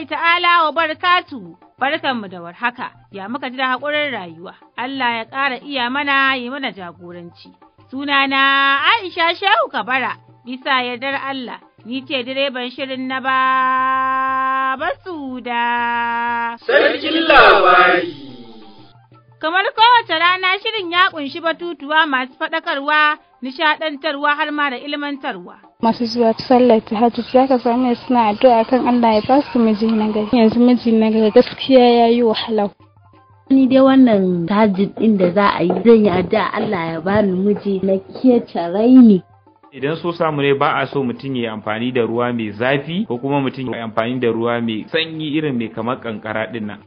rahmatullahi ta'ala wa barakatu. mu da warhaka, ya muka ji da haƙurin rayuwa, Allah ya ƙara iya mana yi mana jagoranci. Sunana Aisha Shehu Kabara, bisa yardar Allah, ni ce direban shirin na ba basuda Sarkin labari. Kamar kowace rana shirin ya ƙunshi batutuwa masu faɗakarwa, nishaɗantarwa har ma da ilmantarwa. Masu zuwa sallar ta hajji za ka same suna addu'a kan Allah ya ba su miji na gari. Yanzu miji na gari gaskiya ya yi wahala. Ni dai wannan hajji ɗin da za a yi zan yi addu'a Allah ya bani miji na kece raini. idan so samu ne ba a so mutum ya amfani da ruwa mai zafi ko kuma mutum ya amfani da ruwa mai sanyi irin mai kamar kankara ɗin nan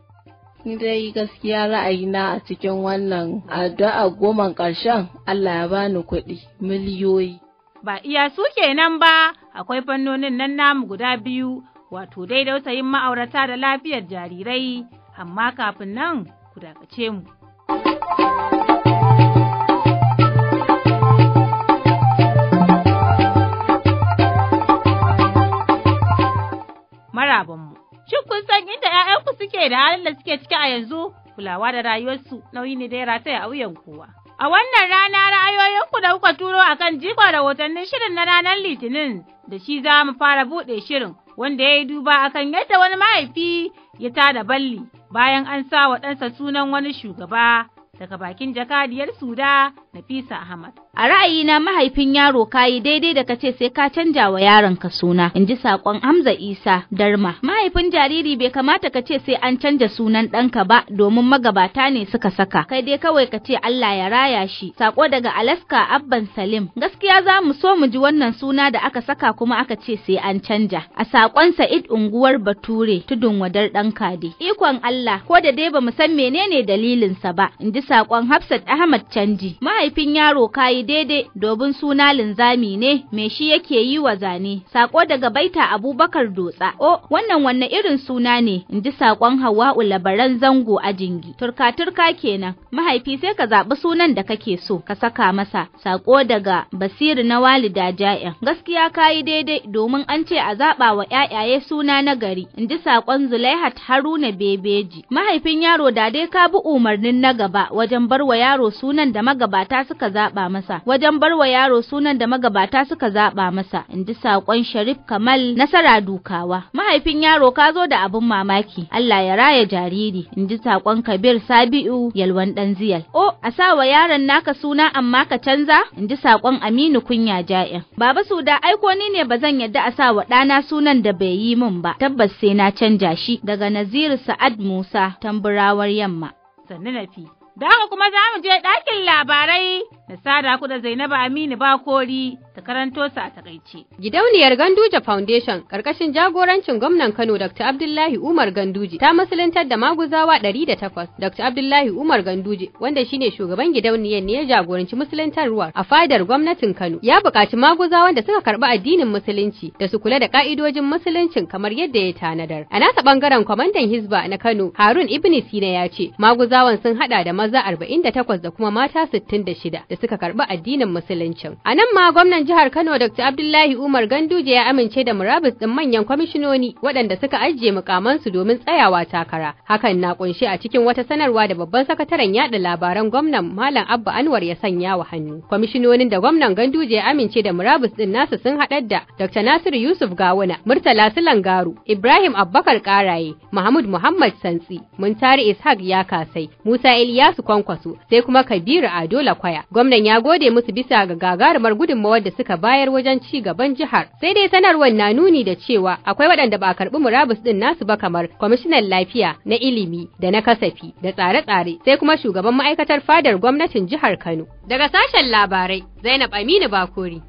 dai gaskiya ra'ayina a cikin wannan addu'a goma ƙarshen Allah ya bani kuɗi miliyoyi. Ba iya su kenan ba akwai fannonin nan namu guda biyu wato dai dausayin ma'aurata da lafiyar jarirai amma kafin nan ku dakace mu. suke da halin da suke ciki a yanzu kulawa da rayuwarsu nauyi ne da ya rataya a wuyan kowa. A wannan rana ra'ayoyinku da kuka turo a kan jikon rahotannin shirin na ranar Litinin da shi za mu fara buɗe shirin wanda ya yi duba akan yadda wani mahaifi ya tada balli bayan an sa wa ɗansa sunan wani shugaba daga bakin jakadiyar Suda Nafisa Ahmad. A ra'ayina mahaifin yaro kayi daidai da kace sai ka canja wa yaron ka suna, in ji saƙon Hamza Isa Darma. Mahaifin jariri bai kamata ka ce sai an canja sunan ɗanka ba domin magabata ne suka saka. Kai dai kawai ka ce Allah ya raya shi. Saƙo daga Alaska Abban Salim. Gaskiya za mu so mu ji wannan suna da aka saka kuma aka ce sai an canja. A saƙon Sa'id unguwar Bature tudun wadar ɗan Kade. Ikon Allah ko da dai ba mu san menene dalilinsa ba, in ji saƙon Hafsat Ahmad Canji. Mahaifin mahaifin yaro kayi daidai domin suna linzami ne me shi yake yi wa zane sako daga baita abubakar dotsa o wannan wanne irin suna ne in ji sakon hawa'u labaran zango a jingi turka turka kenan mahaifi sai ka zaɓi sunan da kake so ka saka masa sako daga basiru na walida ja'in gaskiya kayi daidai domin an ce a zaɓa wa ƴaƴaye suna na gari in ji sakon zulaihat haruna bebeji mahaifin yaro da dai ka bi umarnin na gaba wajen barwa yaro sunan da magabata magabata suka zaɓa masa wajen barwa yaro sunan da magabata suka zaɓa masa Inji ji saƙon Sharif Kamal Nasara Dukawa mahaifin yaro ka zo da abin mamaki Allah ya raya jariri Inji ji saƙon Kabir Sabi'u Yalwan Dan Ziyal o a wa yaron naka suna amma ka canza Inji ji saƙon Aminu Kunya Ja'in Baba Suda aiko ni ne ba zan yadda a sa wa ɗana sunan da bai yi min ba tabbas sai na canja shi daga Naziru Sa'ad Musa tamburawar yamma sannu nafi Da haka kuma za mu je ɗakin labarai da sada ku da Zainabu Aminu Bakori ta karanto su a takaice. Gidauniyar Ganduje Foundation karkashin jagorancin gwamnan Kano Dr. Abdullahi Umar Ganduje ta musuluntar da maguzawa 108. Dr. Abdullahi Umar Ganduje wanda shine shugaban gidauniyar ne ya jagoranci ruwa a fadar gwamnatin Kano. Ya buƙaci maguzawan da suka karɓi addinin musulunci da su kula da ƙa'idojin musuluncin kamar yadda ya tanadar. A nasa bangaren kwamandan Hizba na Kano Harun Ibn Sina ya ce maguzawan sun haɗa da maza 48 da kuma mata 66. da suka karɓi addinin musuluncin. A nan ma gwamnan jihar Kano Dr. Abdullahi Umar Ganduje ya amince da murabus ɗin manyan kwamishinoni waɗanda suka ajiye mukamansu domin tsayawa takara. Hakan na ƙunshe a cikin wata sanarwa da babban sakataren yaɗa labaran gwamnan Malam Abba Anwar ya sanya wa hannu. Kwamishinonin da gwamnan Ganduje ya amince da murabus ɗin nasu sun haɗar da Dr. Nasiru Yusuf Gawuna, Murtala Sulan Garu, Ibrahim Abbakar Karaye, Mahmud Muhammad Santsi, Muntari Ishaq Yakasai, Musa Iliyasu Kwankwaso, sai kuma Kabiru Ado Lakwaya. Gwamnan ya gode musu bisa ga gagarumar gudunmawar da suka bayar wajen ci gaban jihar. Sai dai sanarwar na nuni da cewa akwai waɗanda ba karɓi murabus ɗin nasu ba kamar kwamishinan lafiya na ilimi da na kasafi da tsare-tsare sai kuma shugaban ma'aikatar fadar gwamnatin jihar Kano. Daga sashen labarai Zainab Aminu Bakori.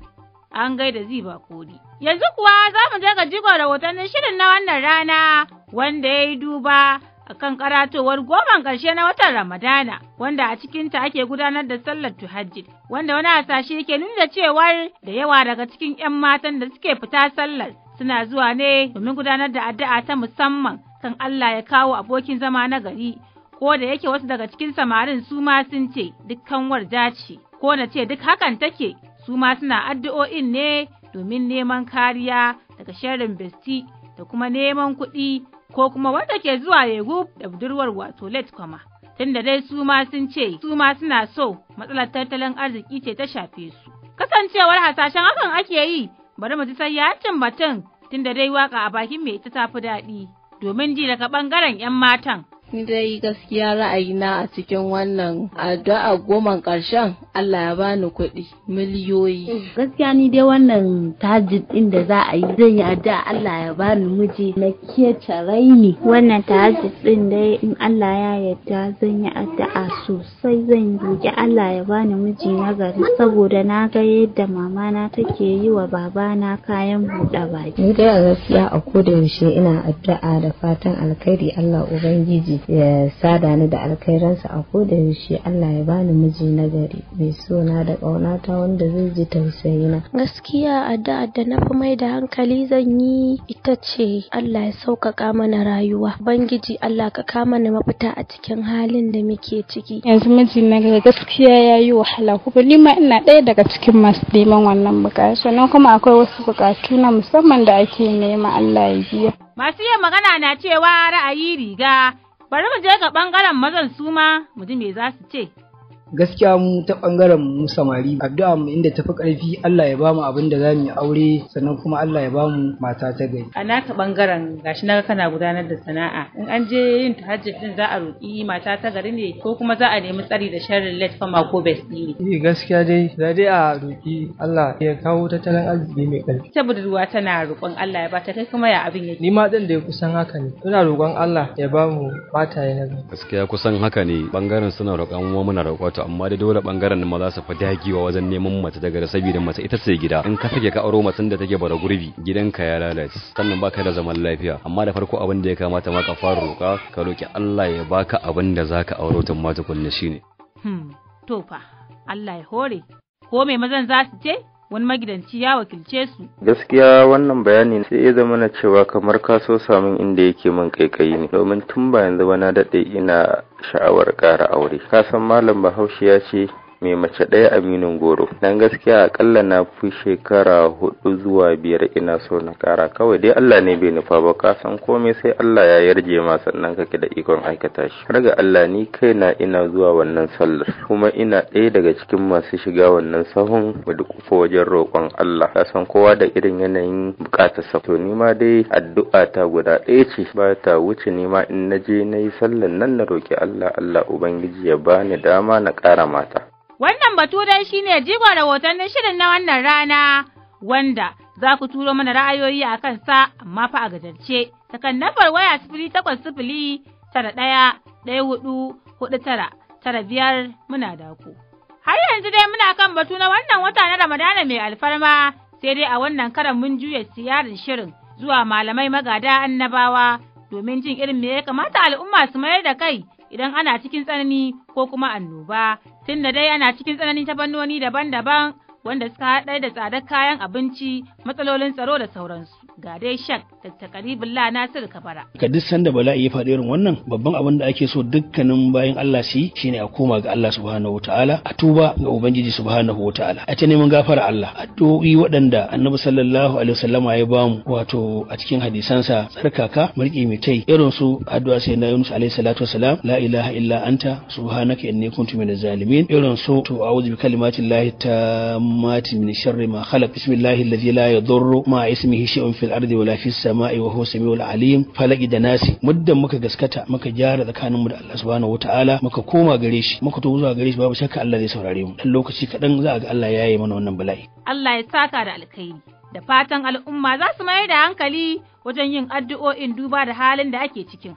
An gaida zi Bakori. Yanzu kuwa za mu je ga jigon rahotannin shirin na wannan rana wanda ya yi duba akan karatowar goma karshe na watan Ramadana wanda a cikinta ake gudanar da sallar tuhajji. wanda wani hasashe ke nuna cewar da yawa daga cikin 'yan matan da suke fita sallar suna zuwa ne domin gudanar da addu'a ta musamman kan Allah ya kawo abokin zama na gari ko da yake wasu daga cikin samarin su ma sun ce dukkan warda ce ko na ce duk hakan take su ma suna addu'o'in ne domin neman kariya daga sharrin besti da kuma neman kuɗi ko kuma wadda ke zuwa yegu da budurwar wato Let kwama. Tunda dai su ma sun ce su ma suna so matsalar tattalin arziki ce ta shafe su. Kasancewar hasashen hakan ake yi bari mu ji sai yacin batun tunda dai waka a bakin mai ita tafi daɗi domin ji daga ɓangaren 'yan matan. ni dai gaskiya ra'ayina a cikin wannan addu'a goma karshen, Allah ya bani kuɗi miliyoyi. Gaskiya ni dai wannan tajid ɗin da za a yi zan yi addu'a Allah ya bani miji na tarai raini. Wannan tajid ɗin dai in Allah ya yarda zan yi addu'a sosai zan roƙi Allah ya bani miji na gari saboda na ga yadda mamana na take yi wa babana kayan buɗe baki. Ni dai a gaskiya a koda yaushe ina addu'a da fatan alkhairi Allah Ubangiji ya sada ni da alkhairansa a koda yaushe Allah ya bani miji na gari mai suna da ƙaunata wanda zai ji tausayi na. gaskiya a da na fi mai da hankali zan yi ita ce Allah ya sauƙaƙa mana rayuwa bangiji Allah ka kama ni mafita a cikin halin da muke ciki yanzu miji na gaskiya ya yi wahala kuma ni ma ina ɗaya daga cikin masu neman wannan buƙatu sannan kuma akwai wasu buƙatu na musamman da ake nema Allah ya biya masu yin magana na cewa ra'ayi riga Bari mu je ga ɓangaren mazan su ma mu ji me za su ce. gaskiya mu ta bangaren mu samari addu'a mu inda tafi karfi Allah ya bamu abin da zamu aure sannan kuma Allah ya bamu mata ta gari a naka bangaren gashi naga kana gudanar da sana'a in an je yin tahajjud din za a roki mata ta gari ne ko kuma za a nemi tsari da sharrin late fama ko besti eh gaskiya dai za dai a roki Allah ya kawo tattalin arziki mai karfi ta budurwa tana roƙon Allah ya bata kai kuma ya abin yake ni ma din da kusan haka ne ina roƙon Allah ya bamu mata ya gaskiya kusan haka ne bangaren suna roƙon mu muna roƙo amma da dole bangaren maza su fa dagewa wajen neman mace daga da saboda mace ita ce gida in ka sake ka aro macen da take bara gurbi gidanka ya lalace sannan baka da zaman lafiya amma da farko abin da ya kamata ma ka fara roka ka roki Allah ya baka abin da zaka auro tun ma tukunna shine hmm to fa Allah ya hore ko me mazan za su ce wani magidanci ya wakilce su. Gaskiya wannan bayani sai ya zama na cewa kamar ka so samun inda yake min kaikayi ne domin tun ba yanzu ba na daɗe ina sha'awar ƙara aure. Ka san malam Bahaushe ya ce mai mace ɗaya aminin goro dan gaskiya akalla na fi shekara hudu zuwa biyar ina so na kara kawai dai Allah ne bai nufa ba ka san komai sai Allah ya yarje ma sannan kake da ikon aikata shi har ga Allah ni kai na ina zuwa wannan sallar kuma ina ɗaya daga cikin masu shiga wannan sahun da kufa wajen roƙon Allah ka san kowa da irin yanayin bukatar sa to ni ma dai addu'a ta guda ɗaya ce ba ta wuce ni ma in na je na yi sallar nan na roƙi Allah Allah ubangiji ya bani dama na ƙara mata Wannan batu dai shine jigon rahotannin shirin na wannan rana wanda za ku turo mana ra'ayoyi a sa amma fa a gajarce. Takan nafar waya sifili takwas sifili tara ɗaya ɗaya hudu hudu tara tara biyar muna da ku. Har yanzu dai muna kan batu na wannan wata na Ramadana mai alfarma sai dai a wannan karan mun juya siyarin shirin zuwa malamai magada annabawa domin jin irin me ya kamata al'umma su mayar da kai idan ana cikin tsanani ko kuma annoba tunda dai ana cikin tsananin tabannoni daban-daban wanda suka haɗa da tsadar kayan abinci, matsalolin tsaro da sauransu. Ga dai shak karibin la Nasiru Kabara. Ka duk sanda Bala ya faɗi irin wannan babban abin da ake so dukkanin bayan Allah su yi shine a koma ga Allah subhanahu wataala a tuba ga Ubangiji subhanahu wataala a ta neman gafara Allah addu'o'i waɗanda Annabi sallallahu alaihi wasallama ya bamu wato a cikin hadisansa tsarkaka mulki mai tai irin su addu'a sai na Yunus alaihi salatu wasalam la ilaha illa anta subhanaka inni kuntu minaz zalimin irin su to a'udhu bi ta الأمات من شر ما خلق بسم الله الذي لا يضر مع اسمه شيء في الأرض ولا في السماء وهو سميع العليم فلق دناسي مدة مكا قسكتا مكا جار ذكان مد الله سبحانه وتعالى مكا كوما قريش مكا توزا قريش باب شك الله ذي سوراريم اللوك شك دنزا الله ياي من ونن بلاي الله يتاكا دا الكيري دا فاتن al'umma za su دا da وجن wajen yin addu'o'in دوبا دا حالن دا ake cikin.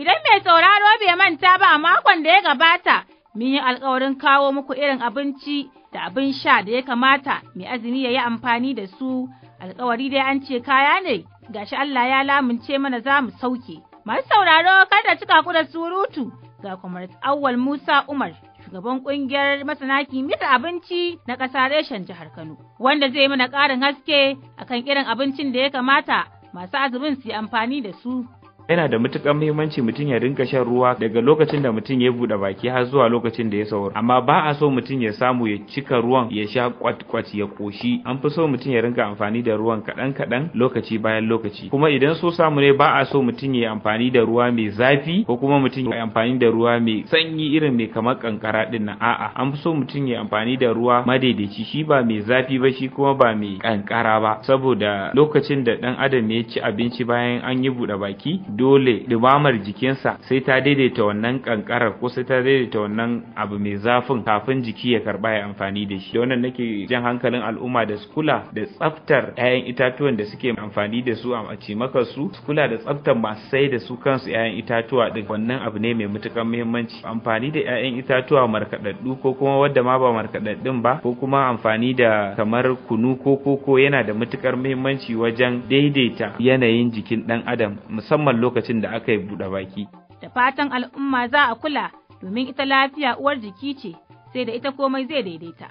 Idan mai sauraro bai manta ba a makon da ya gabata, mun yi alkawarin kawo muku irin abinci da abin sha da ya kamata mai azumi ya yi amfani da su alkawari dai an ce kaya ne gashi Allah ya lamunce mana za mu sauke. Masu sauraro kada cika ku da surutu ga kwamar Awwal Musa Umar shugaban kungiyar masana kimiyyar abinci na ƙasa reshen jihar Kano wanda zai mana ƙarin haske akan irin abincin da ya kamata masu azumin su yi amfani da su yana da matukar muhimmanci mutum ya rinka shan ruwa daga lokacin da mutum ya buɗe baki har zuwa lokacin da ya saura amma ba a so mutum ya samu ya cika ruwan ya sha kwat-kwat ya koshi an fi so mutum ya rinka amfani da ruwan kaɗan kaɗan lokaci bayan lokaci kuma idan so samu ne ba a so mutum ya amfani da ruwa mai zafi ko kuma mutum ya amfani da ruwa mai sanyi irin mai kamar kankara din nan a'a an fi so mutum ya amfani da ruwa madaidaici shi ba mai zafi ba shi kuma ba mai kankara ba saboda lokacin da dan adam ya ci abinci bayan an yi buɗe baki dole ɗumamar jikinsa sai ta daidaita wannan kankarar ko sai ta daidaita wannan abu mai zafin kafin jiki ya karba ya amfani da shi da wannan nake jan hankalin al'umma da su da tsaftar 'ya'yan itatuwan da suke amfani da su a maka su su kula da tsaftar masu sai da su kansu 'ya'yan itatuwa din wannan abu ne mai matuƙar muhimmanci amfani da 'ya'yan itatuwa markaɗaɗɗu ko kuma wadda ma ba markaɗaɗɗun ba ko kuma amfani da kamar kunu ko koko yana da matukar muhimmanci wajen daidaita yanayin jikin ɗan adam musamman lokacin da aka yi buɗe baki. Da fatan al'umma za a kula domin ita lafiya uwar jiki ce sai da ita komai zai daidaita.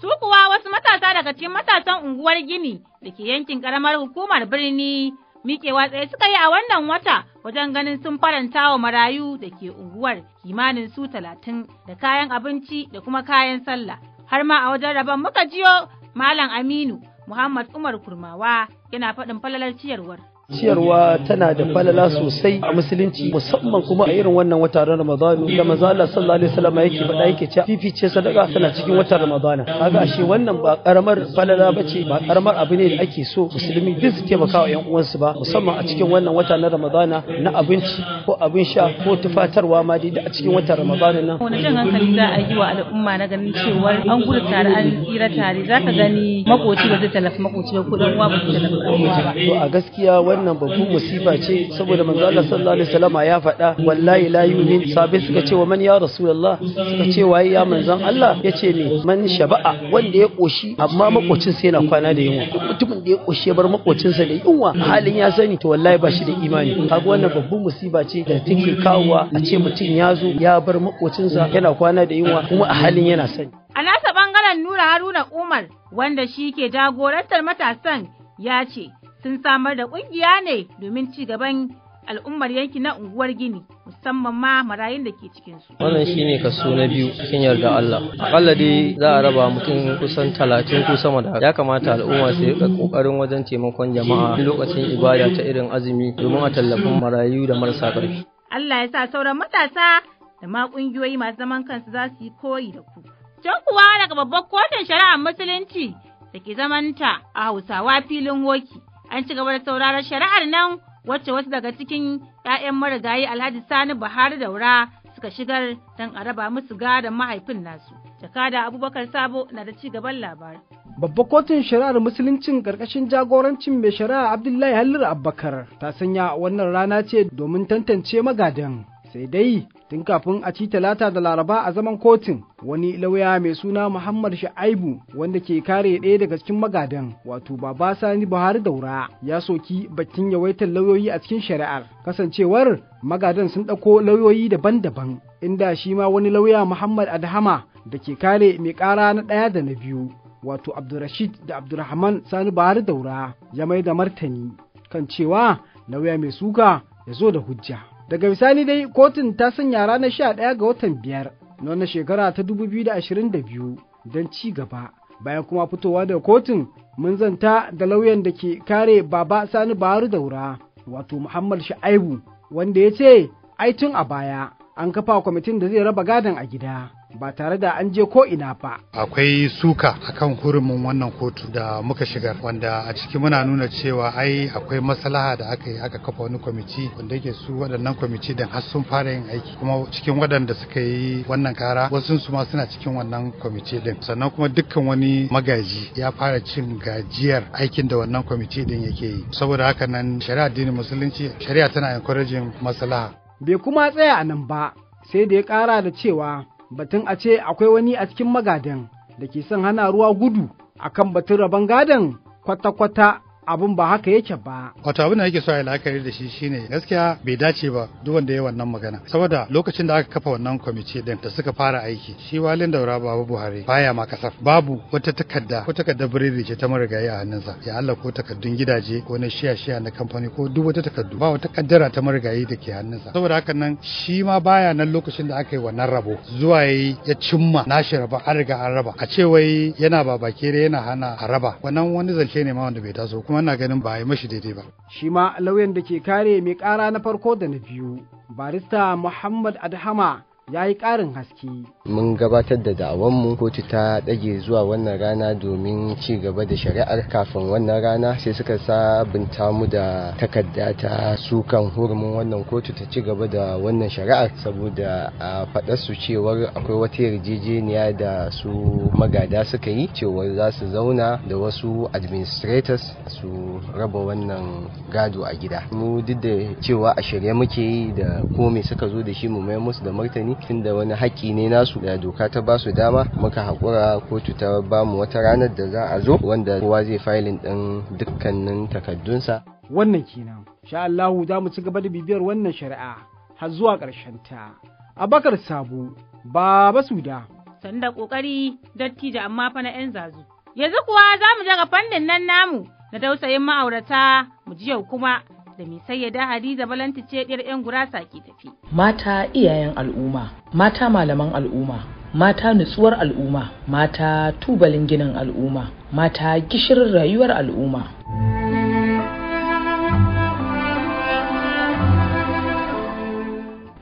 Su kuwa wasu matasa daga cikin matasan unguwar Gini da ke yankin ƙaramar hukumar birni miƙewa tsaye suka yi a wannan wata wajen ganin sun faranta wa marayu da ke unguwar kimanin su talatin da kayan abinci da kuma kayan sallah. Har ma a wajen rabon muka jiyo Malam Aminu Muhammad Umar Kurmawa yana faɗin falalar ciyarwar. ciyarwa tana da falala sosai a musulunci musamman kuma a irin wannan wata na ramadanu da manzo Allah sallallahu alaihi wasallam yake faɗa yake cewa fifice sadaka tana cikin watan ramadana kaga ashe wannan ba karamar falala bace ba karamar abu ne da ake so musulmi duk su taimaka wa ƴan uwansu ba musamman a cikin wannan wata na ramadana na abinci ko abin sha ko tufatarwa ma dai a cikin watan ramadana nan wani jan hankali za a yi wa al'umma na ganin cewa an gudu tare an tsira tare zaka gani makoci ba zai talafi makoci ba ko dan uwa ba zai talafi ba to a gaskiya wannan babban musiba ce saboda manzo Allah sallallahu alaihi wasallam ya faɗa wallahi la yumin sabai suka ce wa man ya rasulullah suka ce waye ya manzon Allah yace ne man shaba'a wanda ya koshi amma makocin sa yana kwana da yunwa mutumin da ya koshi bar makocin sa da yunwa halin ya sani to wallahi ba shi da imani kaga wannan babban musiba ce da take kawowa a ce mutum ya zo ya bar makocin sa yana kwana da yunwa kuma a halin yana sani a nasa bangaren Nura Haruna Umar wanda shi ke jagorantar matasan ya ce sun samar da ƙungiya ne domin ci gaban al'ummar yanki na unguwar gini musamman ma marayun da ke cikin su. Wannan shine kaso na biyu cikin yarda Allah. Akalla dai za a raba mutum kusan talatin ko sama da ya kamata al'umma su rika kokarin wajen taimakon jama'a lokacin ibada ta irin azumi domin a tallafin marayu da marasa ƙarfi. Allah ya sa sauran matasa da ma ƙungiyoyi masu zaman kansu za su yi koyi da ku. Can kuwa daga babbar kotun shari'ar musulunci da ke zamanta a Hausawa filin Woki. an ci gaba da sauraron shari'ar nan wacce wasu daga cikin 'ya'yan marigayi Alhaji Sani Buhari Daura suka shigar don a raba musu gadon mahaifin nasu. jaka da Abubakar Sabo na da ci gaban labarai. Babba kotun shari'ar musuluncin karkashin jagorancin mai shari'a Abdullahi Halliru Abubakar ta sanya wannan rana ce domin tantance magadan. sai dai tun kafin a ci talata da laraba a zaman kotun wani lauya mai suna muhammad sha'aibu wanda ke kare ɗaya daga cikin magadan wato baba sani buhari daura ya soki bakin yawaitar lauyoyi a cikin shari'ar kasancewar magadan sun ɗauko lauyoyi daban-daban inda shi ma wani lauya muhammad adhama da ke kare mai ƙara na ɗaya da na biyu wato abdurrashid da abdurrahman sani buhari daura ya mai da martani kan cewa lauya mai suka ya zo da hujja daga misali dai kotun ta sanya ranar sha ɗaya ga watan biyar na wannan shekara ta dubu biyu da ashirin da biyu don ci gaba bayan kuma fitowa da kotun mun zanta da lauyan da ke kare baba sani baharu daura wato muhammad sha'aibu wanda ya ce ai tun a baya an kafa kwamitin da zai raba gadon a gida ba tare da an je ko ina fa. Akwai suka akan hurumin wannan kotu da muka shigar wanda a ciki muna nuna cewa ai akwai maslaha da aka yi aka kafa wani kwamiti wanda yake su waɗannan kwamiti da har sun fara yin aiki kuma cikin waɗanda suka yi wannan kara wasu su ma suna cikin wannan kwamiti din sannan kuma dukkan wani magaji ya fara cin gajiyar aikin da wannan kwamiti din yake yi saboda haka nan shari'a addinin musulunci shari'a tana encouraging maslaha. Bai kuma tsaya a nan ba sai da ya kara da cewa batun a ce akwai wani a cikin magadan da ke son hana ruwa gudu akan batun rabon gadon kwata-kwata abun ba haka yake ba. Wato abin da yake so a la'akari da shi shine gaskiya bai dace ba duk wanda ya wannan magana. Saboda lokacin da aka kafa wannan kwamiti din da suka fara aiki shi walin daura babu Buhari baya ma kasar babu wata takarda ko takardar biredi ce ta marigayi a hannunsa ya Allah ko takardun gidaje ko na shiya shiya na kamfani ko duk wata takardu ba wata kaddara ta marigayi da ke hannunsa. Saboda haka nan shi ma baya nan lokacin da aka yi wannan rabo zuwa yayi ya cimma nashi raba an riga an raba a ce wai yana babakere yana hana a raba wannan wani zance ne ma wanda bai taso kuma kuma ina ganin ba a yi mashi daidai ba. Shi ma lauyan da ke kare mai ƙara na farko da na biyu, barista Muhammad Adhama ya yi ƙarin haske. Mun gabatar da da'awanmu kotu ta ɗage zuwa wannan rana domin ci gaba da shari'ar kafin wannan rana sai suka sabunta mu da takarda ta kan hurumin wannan kotu ta ci gaba da wannan shari'ar saboda a faɗar su cewar akwai wata yarjejeniya da su magada suka yi cewar za su zauna da wasu administrators su raba wannan gado a gida. Mu duk da cewa a shirye muke yi da kome suka zo da shi mu mai musu da martani kotu tunda wani haƙƙi ne nasu da doka ta ba su dama muka haƙura kotu ta ba mu wata ranar da za a zo wanda kowa zai failin ɗin dukkanin takaddunsa. Wannan kenan, sha Allahu za mu ci gaba da bibiyar wannan shari'a har zuwa ƙarshen ta. Abakar Sabo, Baba Suda. Sanda ƙoƙari dattijo amma fa na 'yan zazu. Yanzu kuwa za mu daga fannin nan namu na tausayin ma'aurata mu ji yau kuma da mai da Hadiza Balanti ce ɗiyar 'yan gurasa ke tafi. Mata iyayen al'umma, mata malaman al'umma, mata nutsuwar al'umma, mata tubalin ginin al'umma, mata gishirin rayuwar al'umma.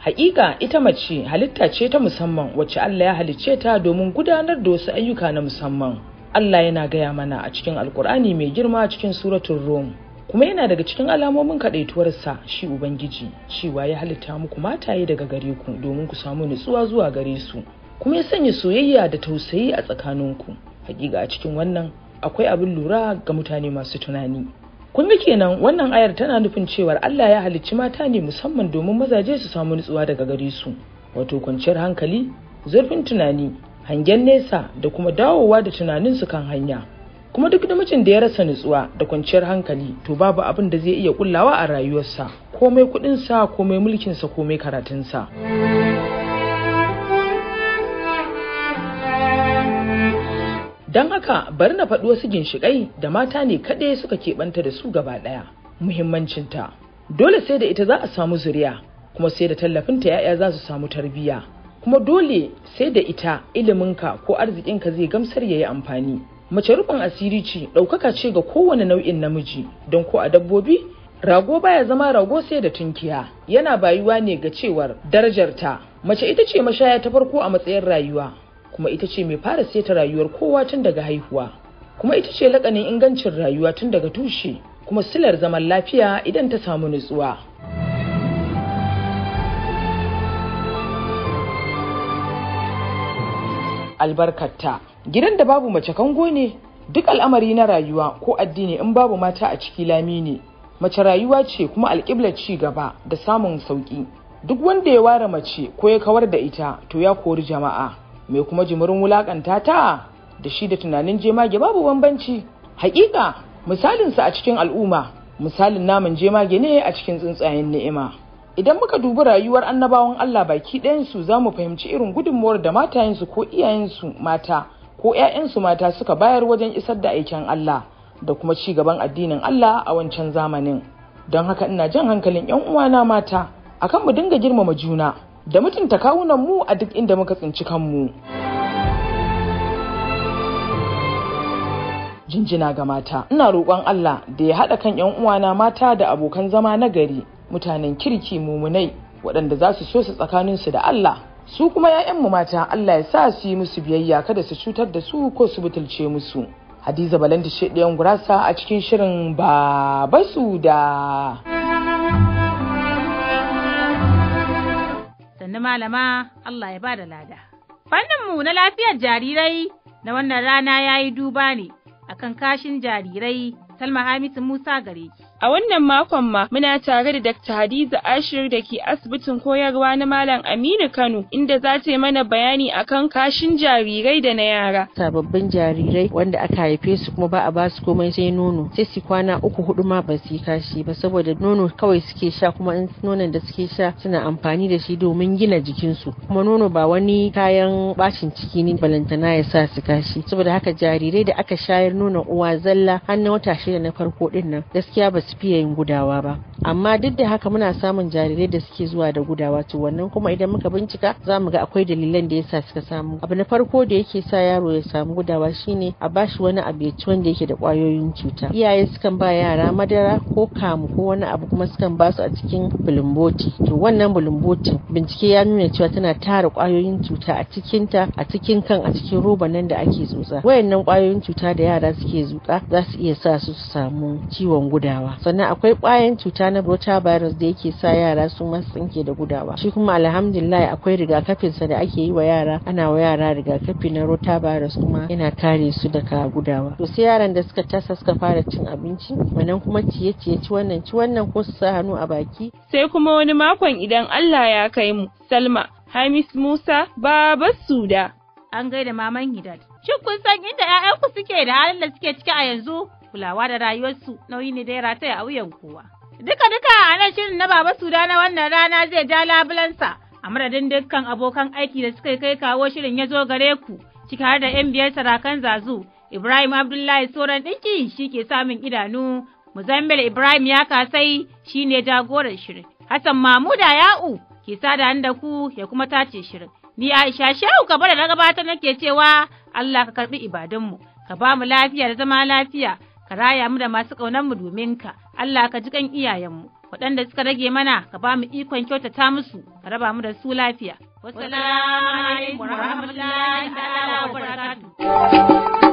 Haƙiƙa ita mace halitta ce ta musamman wacce Allah ya halicce ta domin gudanar da wasu ayyuka na musamman. Allah yana gaya mana a cikin Alkur'ani mai girma cikin suratun Rome. kuma yana daga cikin alamomin kaɗaituwarsa shi ubangiji cewa ya halitta muku mataye daga gare ku domin ku samu nutsuwa zuwa gare su kuma ya sanya soyayya da tausayi a tsakaninku hakika a cikin wannan akwai abin lura ga mutane masu tunani kun ga kenan wannan ayar tana nufin cewar Allah ya halicci mata ne musamman domin mazaje su samu nutsuwa daga gare su wato kwanciyar hankali zurfin tunani hangen nesa da kuma dawowa da tunaninsu kan hanya kuma duk namijin da ya rasa nutsuwa da kwanciyar hankali to babu abin da zai iya kullawa a rayuwarsa komai kudinsa komai mulkinsa komai karatunsa don haka bari na faɗi wasu ginshiƙai da mata ne kaɗai suka keɓanta da su gaba ɗaya muhimmancinta dole sai da ita za a samu zuriya kuma sai da tallafin ta 'ya'ya za su samu tarbiyya kuma dole sai da ita iliminka ko arzikinka zai gamsar ya yi amfani mace rufin asiri ce ɗaukaka ce ga kowane nau'in namiji don ko a dabbobi rago baya zama rago sai da tunkiya yana bayuwa ne ga cewar darajarta mace ita ce mashaya ta farko a matsayin rayuwa kuma ita ce mai fara seta rayuwar kowa tun daga haihuwa kuma ita ce lakanin ingancin rayuwa tun daga tushe kuma silar zaman lafiya idan ta samu nutsuwa albarkarta gidan da babu mace kango ne duk al'amari na rayuwa ko addini in babu mata a ciki lami ne mace rayuwa ce kuma alƙibla ci gaba da samun sauƙi duk wanda ya ware mace ko ya kawar da ita to ya kori jama'a mai kuma jimirin wulaƙanta ta da shi da tunanin jemage babu bambanci hakika misalinsa a cikin al'umma misalin naman jemage ne a cikin tsuntsayen ni'ima idan muka dubi rayuwar annabawan Allah baki ɗayansu za mu fahimci irin gudunmuwar da matayensu ko iyayensu mata ko 'ya'yansu mata suka bayar wajen isar da aikin Allah da kuma ci gaban addinin Allah a wancan zamanin don haka ina jan hankalin 'yan uwana mata akan mu dinga girmama juna da mutunta kawunan mu a duk inda muka tsinci kanmu jinjina ga mata ina roƙon Allah da ya haɗa kan 'yan uwana mata da abokan zama na gari mutanen kirki mumunai waɗanda za su so su tsakaninsu da Allah su kuma 'ya'yanmu mata Allah ya sa su yi musu biyayya kada su cutar da su ko su butulce musu Hadiza Balanta ɗayan Gurasa a cikin shirin su da Sannu malama Allah ya ba da lada. Fannin mu na lafiyar jarirai na wannan rana ya yi duba ne akan kashin jarirai Salma Hamisu Musa Gareki. A wannan makon ma muna tare da Dr. Hadiza Ashir da ke asibitin koyarwa na Malam Aminu Kano inda za ta yi mana bayani akan kashin jarirai da na yara. Sababbin jarirai wanda aka haife su kuma ba a ba su komai sai nono sai su kwana uku hudu ma ba su yi kashi ba saboda nono kawai suke sha kuma in nonon da suke sha suna amfani da shi domin gina jikinsu kuma nono ba wani kayan bacin ciki ne balantana ya sa su kashi saboda haka jarirai da aka shayar nonon uwa zalla har na wata shida na farko din gaskiya ba su su fiye yin gudawa ba amma duk da haka muna samun jarirai da suke zuwa da gudawa to wannan kuma idan muka bincika za mu ga akwai dalilan da yasa suka samu abu na farko da yake sa yaro ya samu gudawa shine a bashi wani abu wanda yake da kwayoyin cuta iyaye sukan ba yara madara ko kamu ko wani abu kuma sukan ba su a cikin bulumboti to wannan bulumbotin bincike ya nuna cewa tana tara kwayoyin cuta a cikinta a cikin kan a cikin roba nan da ake tsotsa wayannan kwayoyin cuta da yara suke zuka za su iya sa su su samu ciwon gudawa sannan akwai ƙwayan cuta na rota da yake sa yara su ma tsinke da gudawa shi kuma alhamdulillah akwai rigakafin sa da ake yi wa yara ana wa yara rigakafi na rota virus kuma yana kare su daga gudawa to sai yaran da suka tasa suka fara cin abinci wannan kuma ciye ciye ci wannan ci wannan ko su sa hannu a baki sai kuma wani makon idan Allah ya kai mu Salma Hamis Musa Baba Suda an gaida maman Hidat Shin kun san inda 'ya'yanku suke da halin da suke ciki a yanzu? kulawa da rayuwarsu nauyi ne da ya rataya a wuyan kowa. Duka duka a nan shirin na Baba Suda na wannan rana zai ja labulansa a madadin dukkan abokan aiki da suka kai kawo shirin ya zo gare ku ciki har da yan biyar sarakan zazu Ibrahim Abdullahi Soran ɗinki shi ke samun idanu Muzammil Ibrahim ya kasai shi ne jagoran shirin. Hassan Mamuda Ya'u ke sada da ku ya kuma tace shirin. Ni Aisha Shehu ka da na gabatar nake cewa Allah ka karbi ibadunmu, ka ba mu lafiya da zama lafiya. ka raya mu da masu ƙaunar mu domin ka Allah ka ji kan iyayenmu waɗanda suka rage mana ka ba mu ikon kyautata musu ka raba mu da su lafiya wassalamu alaikum warahmatullahi ta'ala wa barakatuh